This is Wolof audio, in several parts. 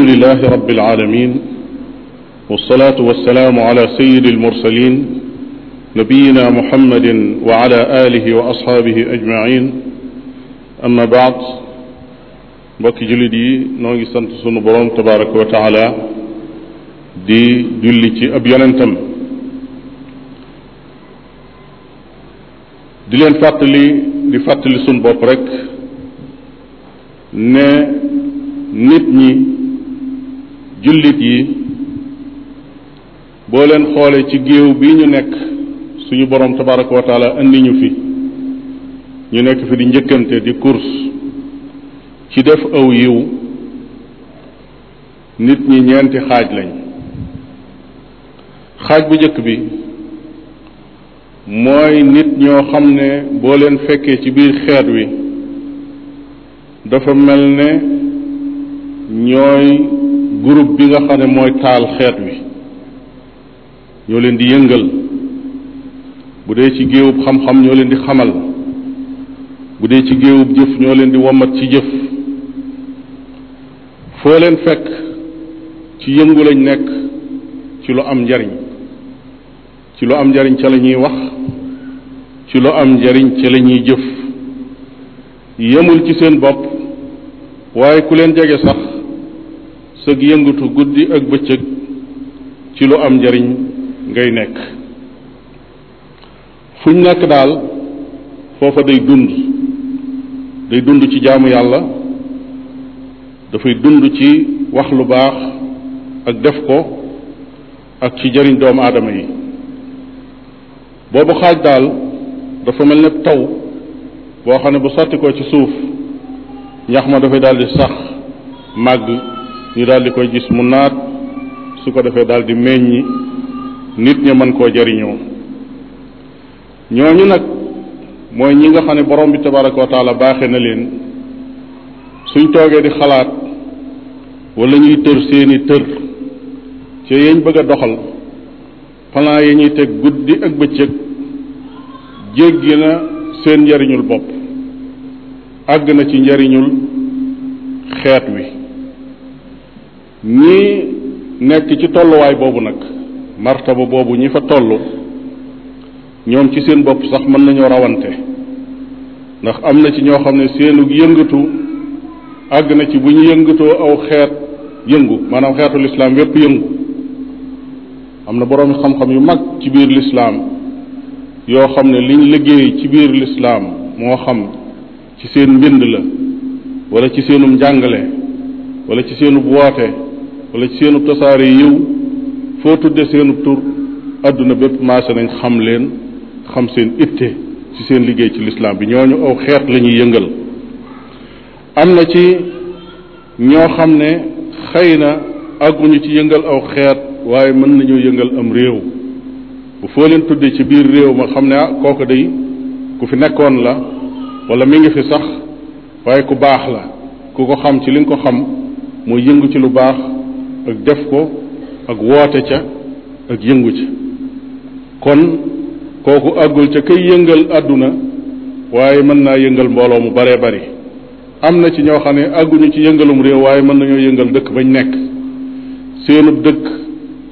alhamdulilahi rabbil aalamiin wasalaatu wasalaamu ala sayyidil mursaliin nabiyyinaa muhammadin wa ala aalihi wa asxaabihi ajmaciin amma baad mbokki jullit yi noo ngi sant sunu boroom tabaaraka wa taala di julli ci ab yonentam di leen fàttali di fàttali sunu bopp rek ne nit ñi. jullit yi boo leen xoolee ci géew bi ñu nekk suñu borom tabaraka wa taala ñu fi ñu nekk fi di njëkkante di course ci def aw yiw nit ñi ñeenti xaaj lañ xaaj bu njëkk bi mooy nit ñoo xam ne boo leen fekkee ci biir xeet wi dafa mel ne ñooy groupe bi nga xam ne mooy taal xeet wi ñoo leen di yëngal bu dee ci géewub xam-xam ñoo leen di xamal bu dee ci géewub jëf ñoo leen di womat ci jëf foo leen fekk ci yëngu lañ nekk ci lu am njariñ ci lu am njariñ ca la ñuy wax ci lu am njariñ ca la ñuy jëf yemul ci seen bopp waaye ku leen jege sax sëg yëngatu guddi ak bëccëg ci lu am njariñ ngay nekk fuñ nekk daal foofa day dund day dund ci jaamu yàlla dafay dund ci wax lu baax ak def ko ak ci njariñ doomu aadama yi boobu xaaj daal dafa mel ne taw boo xam ne bu sotti ko ci suuf ñax ma dafay daal sax màgg ñu daal koy gis mu naat su ko defee daal di meññi nit ña mën koo jariñoo ñooñu nag mooy ñi nga xam ne borom bi tabaraka wa taala baaxe na leen suñ toogee di xalaat wala ñuy tër seeni tër ci yeñ bëgg a doxal plan yi ñuy teg guddi ak bëccëg jéggi na seen njariñul bopp àgg na ci njariñul xeet wi ñi nekk ci tolluwaay boobu nag martaba boobu ñi fa toll ñoom ci seen bopp sax mën nañoo rawante ndax am na ci ñoo xam ne seenug yëngatu àgg na ci bu ñu yëngatoo aw xeet yëngu maanaam xeetu lislaam wépp yëngu am na boroomi xam-xam yu mag ci biir lislaam yoo xam ne liñ liggéey ci biir lislaam moo xam ci seen mbind la wala ci seenum njàngale wala ci seenub woote wala ci seenub tasaare yiw foo tudde seenub tur adduna bépp maase nañ xam leen xam seen itte ci seen liggéey ci lislaam bi ñooñu aw xeet lañuy yëngal am na ci ñoo xam ne xëy na àgguñu ci yëngal aw xeet waaye mën nañoo yëngal am réew bu foo leen tuddee ci biir réew ma xam ne ah kooku day ku fi nekkoon la wala mi ngi fi sax waaye ku baax la ku ko xam ci li nga ko xam mooy yëngu ci lu baax ak def ko ak woote ca ak yëngu ca kon kooku àggul ca kay yëngal àdduna waaye mën naa yëngal mbooloo mu baree bari am na ci ñoo xam ne àgguñu ci yëngalum réew waaye mën nañoo yëngal dëkk bañ nekk seenub dëkk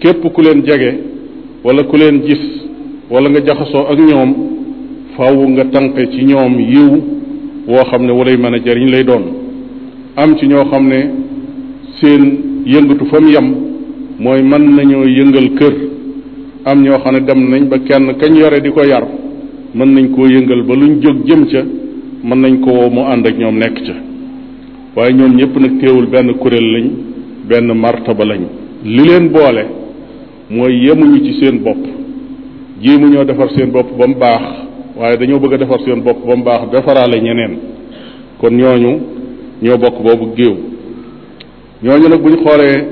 képp ku leen jege wala ku leen gis wala nga jaxasoo ak ñoom faaw nga tànqe ci ñoom yiw woo xam ne walay mën a jariñ lay doon am ci ñoo xam ne seen yëngatu fa mu yem mooy mën nañoo yëngal kër am ñoo xam ne dem nañ ba kenn kañ yore di ko yar mën nañ koo yëngal ba luñ jóg jëm ca mën nañ ko mu ànd ak ñoom nekk ca waaye ñoom ñëpp nag teewul benn kuréel lañ benn ba lañ li leen boole mooy yemuñu ci seen bopp jéemu ñoo defar seen bopp ba mu baax waaye dañoo bëgg a defar seen bopp ba mu baax defaraale ñeneen kon ñooñu ñoo bokk boobu géew ñooñu nag bu ñu xoolee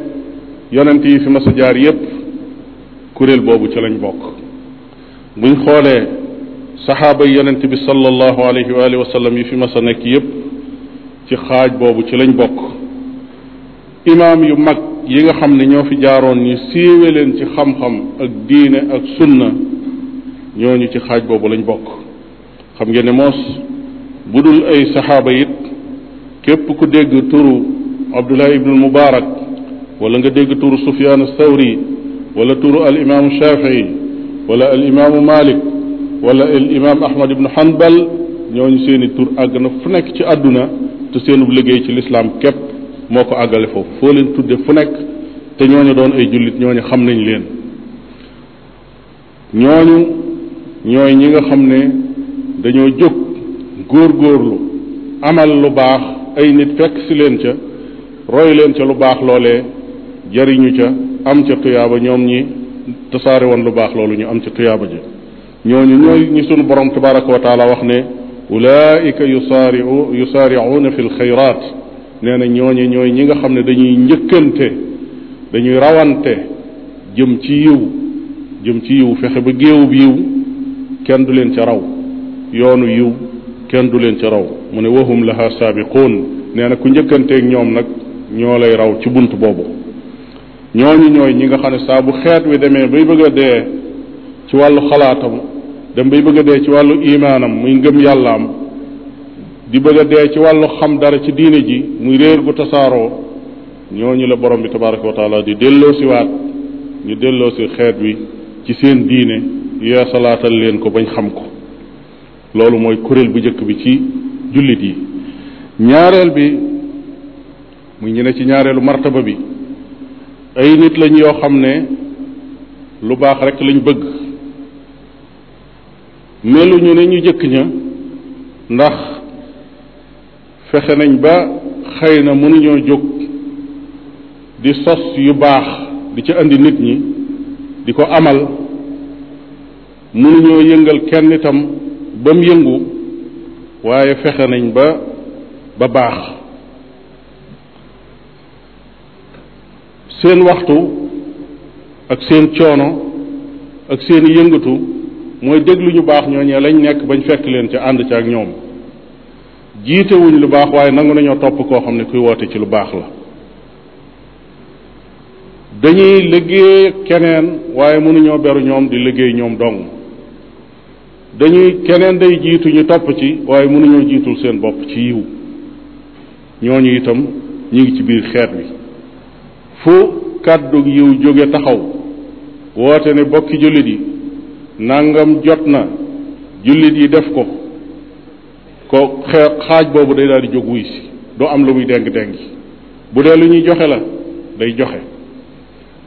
yonent yi fi mas jaar yépp kuréel boobu ci lañ bokk bu xoolee saxaaba yi yonent bi sallallahu alayhi wa alihi wa sallam yi fi mas nekk yépp ci xaaj boobu ci lañ bokk imaam yu mag yi nga xam ne ñoo fi jaaroon ñu siiwe leen ci xam-xam ak diine ak sunna ñooñu ci xaaj boobu lañu bokk xam ngeen ne moos bu dul ay saxaaba yit képp ku dégg turu abdullah ibnul mubaarak wala nga dégg turu sufyaan athawri wala tuuru al imaamu shafii wala al imaamu malik wala al imaam ahmad ibnu hanbal ñooñu seen i tur àgg na fu nekk ci àdduna te seenub liggéey ci lislaam képp moo ko àggale foofu foo leen tudde fu nekk te ñoo ñu doon ay jullit ñooñu xam nañ leen ñooñu ñooy ñi nga xam ne dañoo jóg góor góorlu amal lu baax ay nit fekk si leen ca roy leen ca lu baax loolee jariñu ca am ca tuyaaba ñoom ñi tasaare woon lu baax loolu ñu am ca tuyaaba ja ñooñu ñooy ñi sunu borom tabaraka wa taala wax ne ulaika yusaariu yusaariuuna fi lxayraat nee na ñooñe ñooy ñi nga xam ne dañuy njëkkante dañuy rawante jëm ci yiw jëm ci yiw fexe ba géewub yiw kenn du leen ca raw yoonu yiw kenn du leen ca raw mu ne wahum laha saabiquun nee na ku njëkkanteeg ñoom nag ñoo lay raw ci bunt boobu ñooñu ñooy ñi nga xam ne saa bu xeet wi demee bay bëgg a dee ci wàllu xalaatam dem bay bëgg a dee ci wàllu imaanam muy ngëm yàllaam di bëgg a dee ci wàllu xam dara ci diine ji muy réer gu tasaaroo ñooñu la borom bi tabaraka wa taala di delloosiwaat ñu delloosi xeet wi ci seen diine yeesalaatal leen ko bañ xam ko loolu mooy kuréel bu njëkk bi ci jullit yi ñaareel bi muy ñu ne ci ñaareelu martaba bi ay nit lañ yoo xam ne lu baax rekk lañ bëgg meluñu ne ñu jëkk ña ndax fexe nañ ba xëy na mënuñoo jóg di sos yu baax di ca indi nit ñi di ko amal mënuñoo yëngal kenn itam ba yëngu waaye fexe nañ ba ba baax seen waxtu ak seen coono ak seen yëngatu mooy déglu ñu baax ñooñee lañ nekk bañ fekk leen ci ànd ca ak ñoom jiitewuñ lu baax waaye nangu nañoo topp koo xam ne kuy woote ci lu baax la dañuy liggéey keneen waaye mënuñoo beru ñoom di liggéey ñoom dong dañuy keneen day jiitu ñu topp ci waaye mënuñoo jiitul seen bopp ci yiw ñooñu itam ñu ngi ci biir xeet bi fu kàddu yiw jóge taxaw woote ne bokki jullit yi nangam jot na jullit yi def ko ko xaaj boobu day daal di jóg wuy si doo am lu muy déng-déng bu dee lu ñuy joxe la day joxe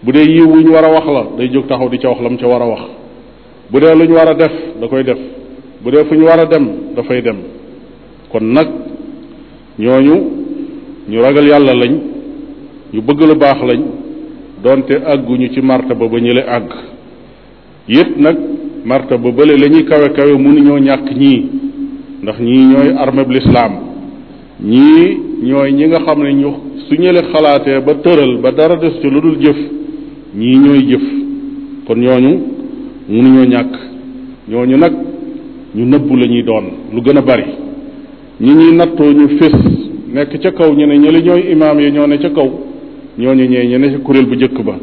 bu dee yiw wuñ war a wax la day jóg taxaw di ca wax la mu ca war a wax bu dee lu ñu war a def da koy def bu dee fu ñu war a dem dafay dem kon nag ñooñu ñu ragal yàlla lañ ñu bëgg lu baax lañ donte àgguñu ci martaba ba ñële àgg yit nag martaba bële la lañuy kawe kawe mënuñoo ñàkk ñii ndax ñii ñooy armée bu lislaam ñii ñooy ñi nga xam ne ñu su ñële xalaatee ba tëral ba dara des ci lu dul jëf ñii ñooy jëf kon ñooñu mënuñoo ñàkk ñooñu nag ñu nëbbu la ñuy doon lu gën a bari ñi ñuy nattoo ñu fés nekk ca kaw ñu ne ñële ñooy imaam yi ñoo ne ca kaw ñooñu ñee ñu ne si kuréel bu njëkk ba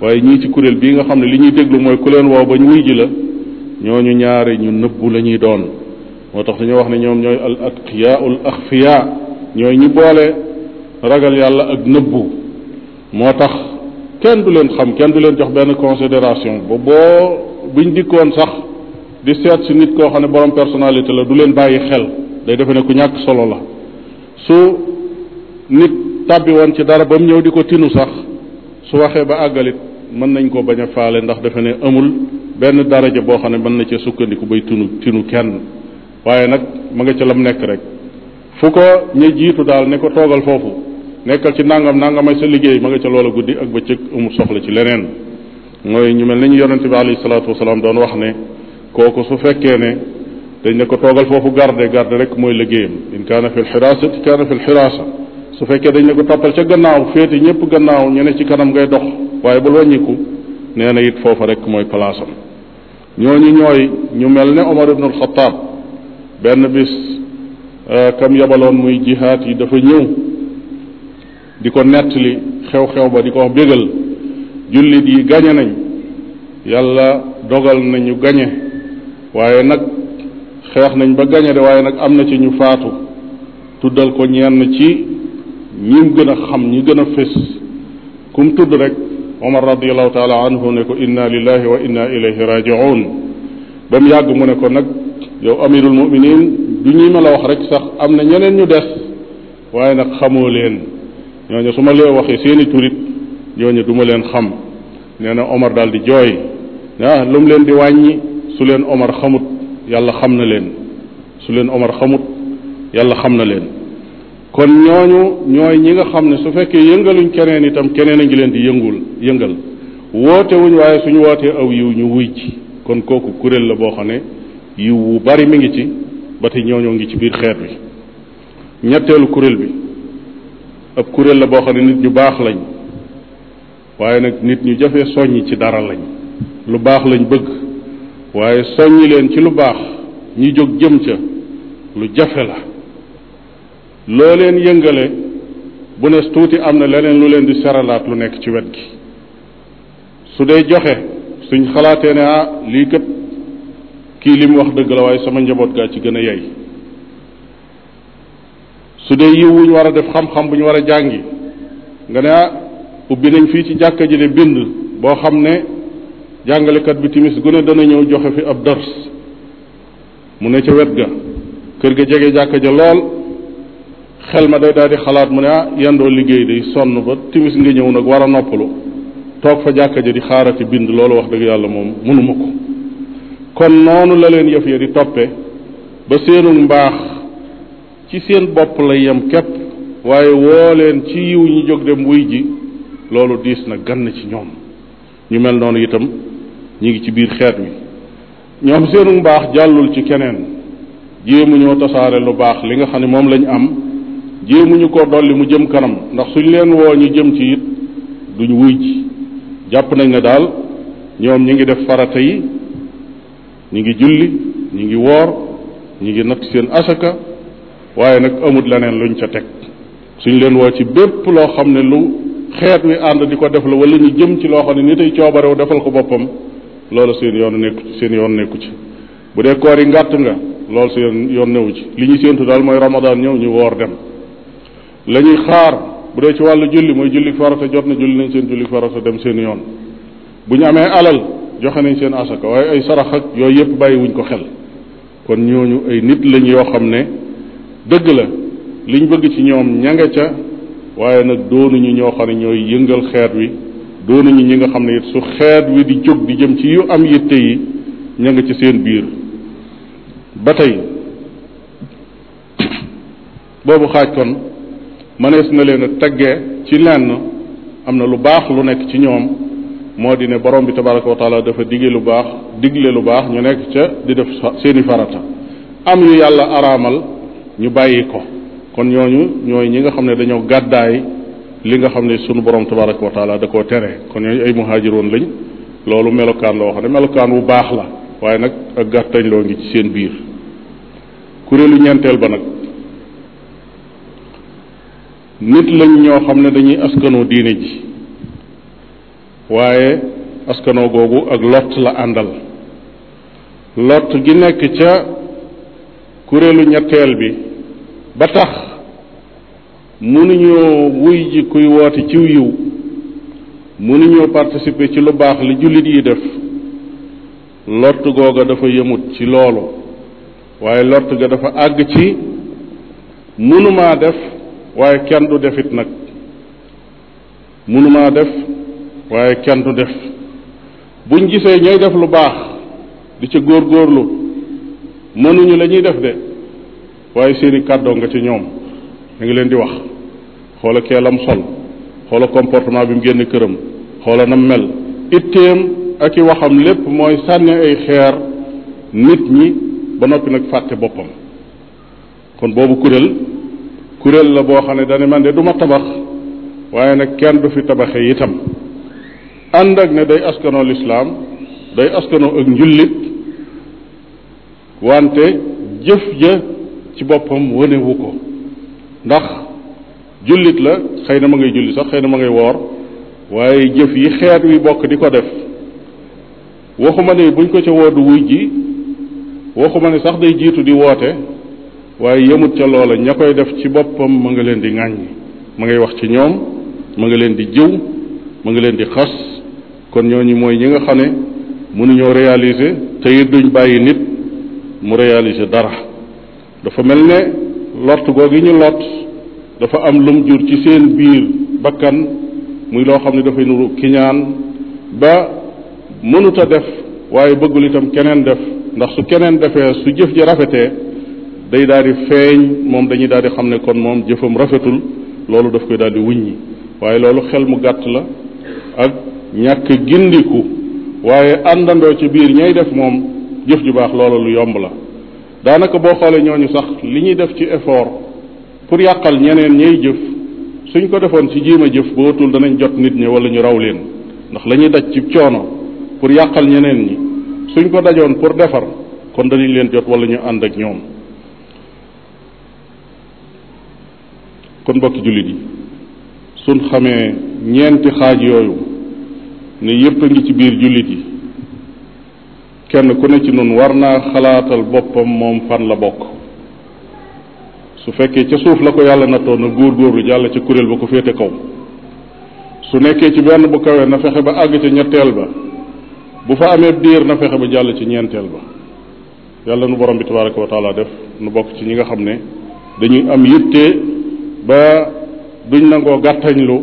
waaye ñii ci kuréel bii nga xam ne li ñuy déglu mooy ku leen woo ba ñu wuy ji la ñooñu ñaari ñu nëbbu lañuy doon moo tax dañoo wax ne ñoom ñooy al atqiyaul axfiya ñooy ñi boole ragal yàlla ak nëbbu moo tax kenn du leen xam kenn du leen jox benn considération ba boo buñ dikkoon sax di seet si nit koo xam ne borom personnalité la du leen bàyyi xel day defe ne ku ñàkk solo la su nit tàbbi woon ci dara ba mu ñëw di ko tinu sax su waxee ba àggalit mën nañ koo bañ a faale ndax dafa ne amul benn daraja boo xam ne mën na ca sukkandiku bay tinu tinu kenn waaye nag mu nga ca lam nekk rek fu ko ña jiitu daal ne ko toogal foofu nekkal ci nangam nangamay sa liggéey mu nga ca loola guddi ak bëccëg amul soxla ci leneen mooy ñu mel nañu yonente bi alayhi salaatu wasalaam doon wax ne kooku su fekkee ne dañ ne ko toogal foofu garde garde rek mooy liggéeyam kaana fi lxiraasati su fekkee dañu ne ko toppal ca gannaaw féete ñëpp gannaaw ñu ne ci kanam ngay dox waaye bul wàññiku nee na it foofa rek mooy place ñoo ñu ñooy ñu mel ne Omar ibn al benn bis euh, kam yabaloon muy jihaat yi dafa ñëw di ko nettali xew-xew ba di ko bégal jullit yi gañe nañ yàlla dogal nañu gañe waaye nag xeex nañ ba gañe de waaye nag am na ci ñu faatu tuddal ko ñenn ci ñi gën a xam ñi gën a fés kum mu tudd rek omar radiallahu taala anhu ne ko inna lillahi wa inna ilayhi rajiun ba yàgg mu ne ko nag yow amirul muminin du ñuy ma la wax rek sax am na ñeneen ñu des waaye nag xamoo leen ñooñu su ma lee waxee seeni turit ñooñu duma leen xam nee na omar daal di jooy ah leen di wàññi su leen omar xamut yàlla xam na leen su leen omar xamut yàlla xam na leen kon ñooñu ñooy ñi nga xam ne su fekkee yëngaluñ keneen itam keneen a ngi leen di yëngul yëngal woote wuñ waaye suñu wootee aw yiw ñu wuy ci kon kooku kuréel la boo xam ne yiw wu bari mi ngi ci ba tey ñooñoo ngi ci biir xeet bi ñetteelu kuréel bi ab kuréel la boo xam ne nit ñu baax lañ waaye nag nit ñu jafe soññ ci dara lañ lu baax lañ bëgg waaye soññi leen ci lu baax ñu jóg jëm ca lu jafe la loo leen yëngale bu nes tuuti am na leneen lu leen di seralaat lu nekk ci wet gi su dee joxe suñ xalaatee ne ah lii kat kii li mu wax dëgg la waaye sama njaboot gaa ci gën a yey su dee yiw wuñ war a def xam-xam bu ñu war a jàngi nga ne ah ubbi nañ fii ci jàkka ji de bind boo xam ne jàngalekat bi timis gune dana ñëw joxe fi ab dars mu ne ca wet ga kër ga jege jàkka ja lool xel ma day daal di xalaat mu ne ah yendoo liggéey day sonn ba timis nga ñëw nag war a noppalu toog fa jàkka ja di xaarati bind loolu wax dëgg yàlla moom mënuma ko kon noonu la leen yëf ya di toppe ba seenu mbaax ci seen bopp la yem képp waaye woo leen ci yiw ñu jóg dem wuy ji loolu diis na gann ci ñoom ñu mel noonu itam ñi ngi ci biir xeet wi ñoom seenu mbaax jàllul ci keneen jéemu ñoo tasaare lu baax li nga xam ne moom lañu am jéemuñu ko dolli mu jëm kanam ndax suñ leen woo ñu jëm ci it duñ wuy ji jàpp nañ ne daal ñoom ñu ngi def farata yi ñi ngi julli ñu ngi woor ñu ngi nag seen asaka waaye nag amut leneen ñu ca teg suñ leen woo ci bépp loo xam ne lu xeet wi ànd di ko def la wala ñu jëm ci loo xam ne ni tey wu defal ko boppam loolu seen yoon nekku ci seen yoon nekku ci bu dee koor yi ngàtt nga loolu seen yoon newu ci li ñu séentu daal mooy ramadan ñëw ñu woor dem lañuy xaar bu dee ci wàllu julli mooy julli farata jot na julli nañ seen julli farata dem seen yoon bu ñu amee alal joxe nañ seen asaka waaye ay sarax ak yooyu yëpp bàyyiwuñ ko xel kon ñooñu ay nit lañ yoo xam ne dëgg la liñ bëgg ci ñoom ña nga ca waaye nag doonuñu ñoo xam ne ñooy yëngal xeet wi ñu ñi nga xam ne it su xeet wi di jóg di jëm ci yu am yitte yi ña nga ci seen biir ba tey boobu xaaj kon mënees na leen a teggee ci lenn am na lu baax lu nekk ci ñoom moo di ne borom bi tabaraka wa taala dafa digle lu baax digle lu baax ñu nekk ca di def seeni farata am yu yàlla araamal ñu bàyyi ko kon ñooñu ñooy ñi nga xam ne dañoo gàddaay li nga xam ne sunu borom tabaraka wa taala da koo tere kon ñooñu ay muhaajiroon lañ loolu melokaan la wax ne melokaan wu baax la waaye nag ak gàttañ loo ngi ci seen biir kuréelu ñeenteel ba nag nit lañ ñoo xam ne dañuy askanoo diine ji waaye askanoo googu ak lot la àndal lot gi nekk ca kuréelu ñetteel bi ba tax mënuñoo wuy ji kuy woote ciw yiw mënuñoo participer ci lu baax li jullit yi def lott googa dafa yëmut ci loolu waaye lott ga dafa àgg ci mënumaa def waaye kenn du defit nag mënumaa def waaye kenn du def buñ gisee ñooy def lu baax di ca góorgóorlu mënuñu la ñuy def de waaye seeni kàddoo nga ci ñoom da ngi leen di wax xoola kee lam sol xoola comportement bi mu génn këram xoola nam mel itteem ak i waxam lépp mooy sànni ay xeer nit ñi ba noppi nag fàtte boppam kon boobu kuréel kuréel la boo xam ne dane man de du ma tabax waaye nag kenn du fi tabaxe itam ànd ak ne day askanoo lislaam day askanoo ak njullit wante jëf ja ci boppam wënewu ko ndax jullit la xëy na ma ngay julli sax xëy na ma ngay woor waaye jëf yi xeet wi bokk di ko def waxuma ne buñ ko ca woodu wuj ji waxuma ne sax day jiitu di woote waaye yëmut ca loola ña koy def ci boppam mu ngi leen di ŋàññi mu ngay wax ci ñoom mu ngi leen di jiw mu ngi leen di xas kon ñooñu mooy ñi nga xam ne mënuñoo réaliser te it duñ bàyyi nit mu réaliser dara dafa mel ne lott googu ñu lott dafa am lum jur ci seen biir bakkan muy loo xam ne dafay nuru kiñaan ba mënuta def waaye bëggul itam keneen def ndax su keneen defee su jëf ji rafetee day daal di feeñ moom dañuy daal di xam ne kon moom jëfam rafetul loolu daf koy daal di wuññi waaye loolu xel mu gàtt la ak ñàkk gindiku waaye àndandoo ci biir ñay def moom jëf ju baax loola lu yomb la daanaka boo xoolee ñu sax li ñuy def ci effort pour yàqal ñeneen ñay jëf suñ ko defoon ci jiima jëf bootul danañ jot nit ñi wala ñu raw leen ndax lañuy daj ci coono pour yàqal ñeneen ñi suñ ko dajoon pour defar kon danañ leen jot wala ñu ànd ak ñoom kon mbokki jullit yi suñ xamee ñeenti xaaj yooyu ne yépp ngi ci biir jullit yi kenn ku ne ci nun war naa xalaatal boppam moom fan la bokk su fekkee ca suuf la ko yàlla nattoo na góor góorlu jàll ci kuréel ba ko féete kaw su nekkee ci benn bu kawee na fexe ba àgg ca ñetteel ba bu fa amee diir na fexe ba jàll ci ñeenteel ba yàlla nu borom bi tabaraka wa taala def nu bokk ci ñi nga xam ne dañuy am yitte ba duñ nangoo gàttañ lu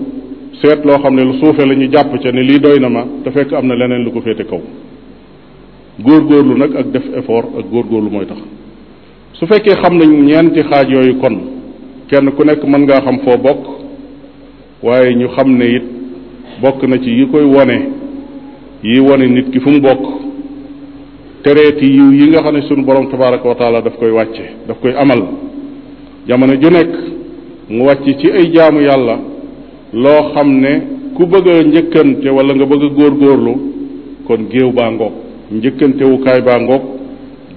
seet loo xam ne lu suufe la ñu jàpp ca ne lii doy na ma te fekk am na leneen lu ko féete kaw góor góorlu nag ak def effort ak góorlu mooy tax su fekkee xam nañ ñeenti xaaj yooyu kon kenn ku nekk mën ngaa xam foo bokk waaye ñu xam ne it bokk na ci yi koy wone yi wone nit ki fu mu bokk tereeti yiw yi nga xam ne sunu borom tabaraka wa taala daf koy wàcce daf koy amal jamono ju nekk mu wàcc ci ay jaamu yàlla loo xam ne ku bëgg a njëkkante wala nga bëgg góor góorlu kon géew baa ngoog njëkkantewukaay baa ngoog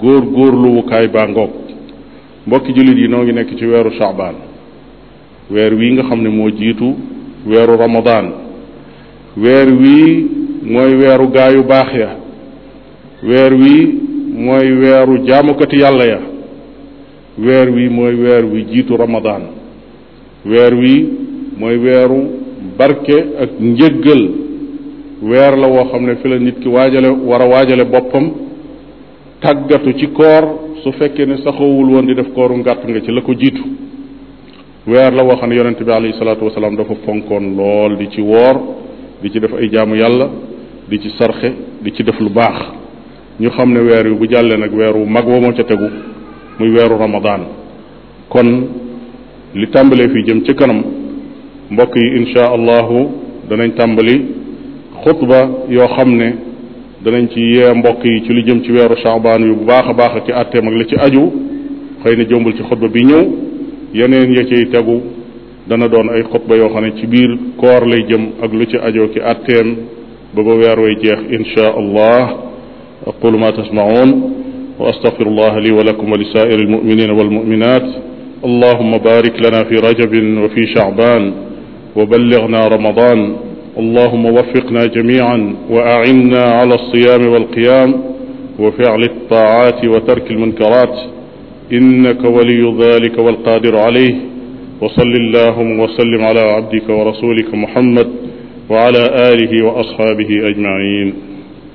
góorgóorluwukaay baa ngoog mbokki jullit yi noo ngi nekk ci weeru Shaabaan weer wii nga xam ne moo jiitu weeru Ramadan weer wii mooy weeru gaayu baax ya weer wii mooy weeru jaamukati yàlla ya weer wii mooy weer wi jiitu Ramadan. weer wi mooy weeru barke ak njëggal weer la woo xam ne fi la nit ki waajale war a waajale boppam tàggatu ci koor su fekkee ne saxawul woon di def kooru ngàtt nga ci la ko jiitu weer la woo xam ne yonente bi alayhi salaatu wasalaam dafa fonkoon lool di ci woor di ci def ay jaamu yàlla di ci sarxe di ci def lu baax ñu xam ne weer wi bu jàllee nag weer wu mag wa moo ca tegu muy weeru ramadaan kon li tàmbalee fi jëm ci kanam mbokk yi insha danañ tàmbali xutba yoo xam ne danañ ci yee mbokk yi ci lu jëm ci weeru chaabaan yu bu baax a baax ak ci àtteem ak la ci aju xëy na jëmbul ci xutba bi ñëw yeneen ya ciy tegu dana doon ay xutba yoo xam ne ci biir koor lay jëm ak lu ci ajoo ki àtteem ba ba weer way jeex insha allah aqulu ma tasmaun wa astaghfirullah li wa lakum wa li saa'iri almuminina walmuminat allahuma barik lana fi rajabin wa fi chaaban wa balligna ramadan allahuma wafiqna jamian wa acinna ala alsiyaami walqiyam wa ficli altaati wa tarki almunkarat innaka waliyu dalika walqadiru alayh wa salli allahuma wa sallim ala abdika wa rasulika muhammad wa ala alihi wa ashabihi ajmain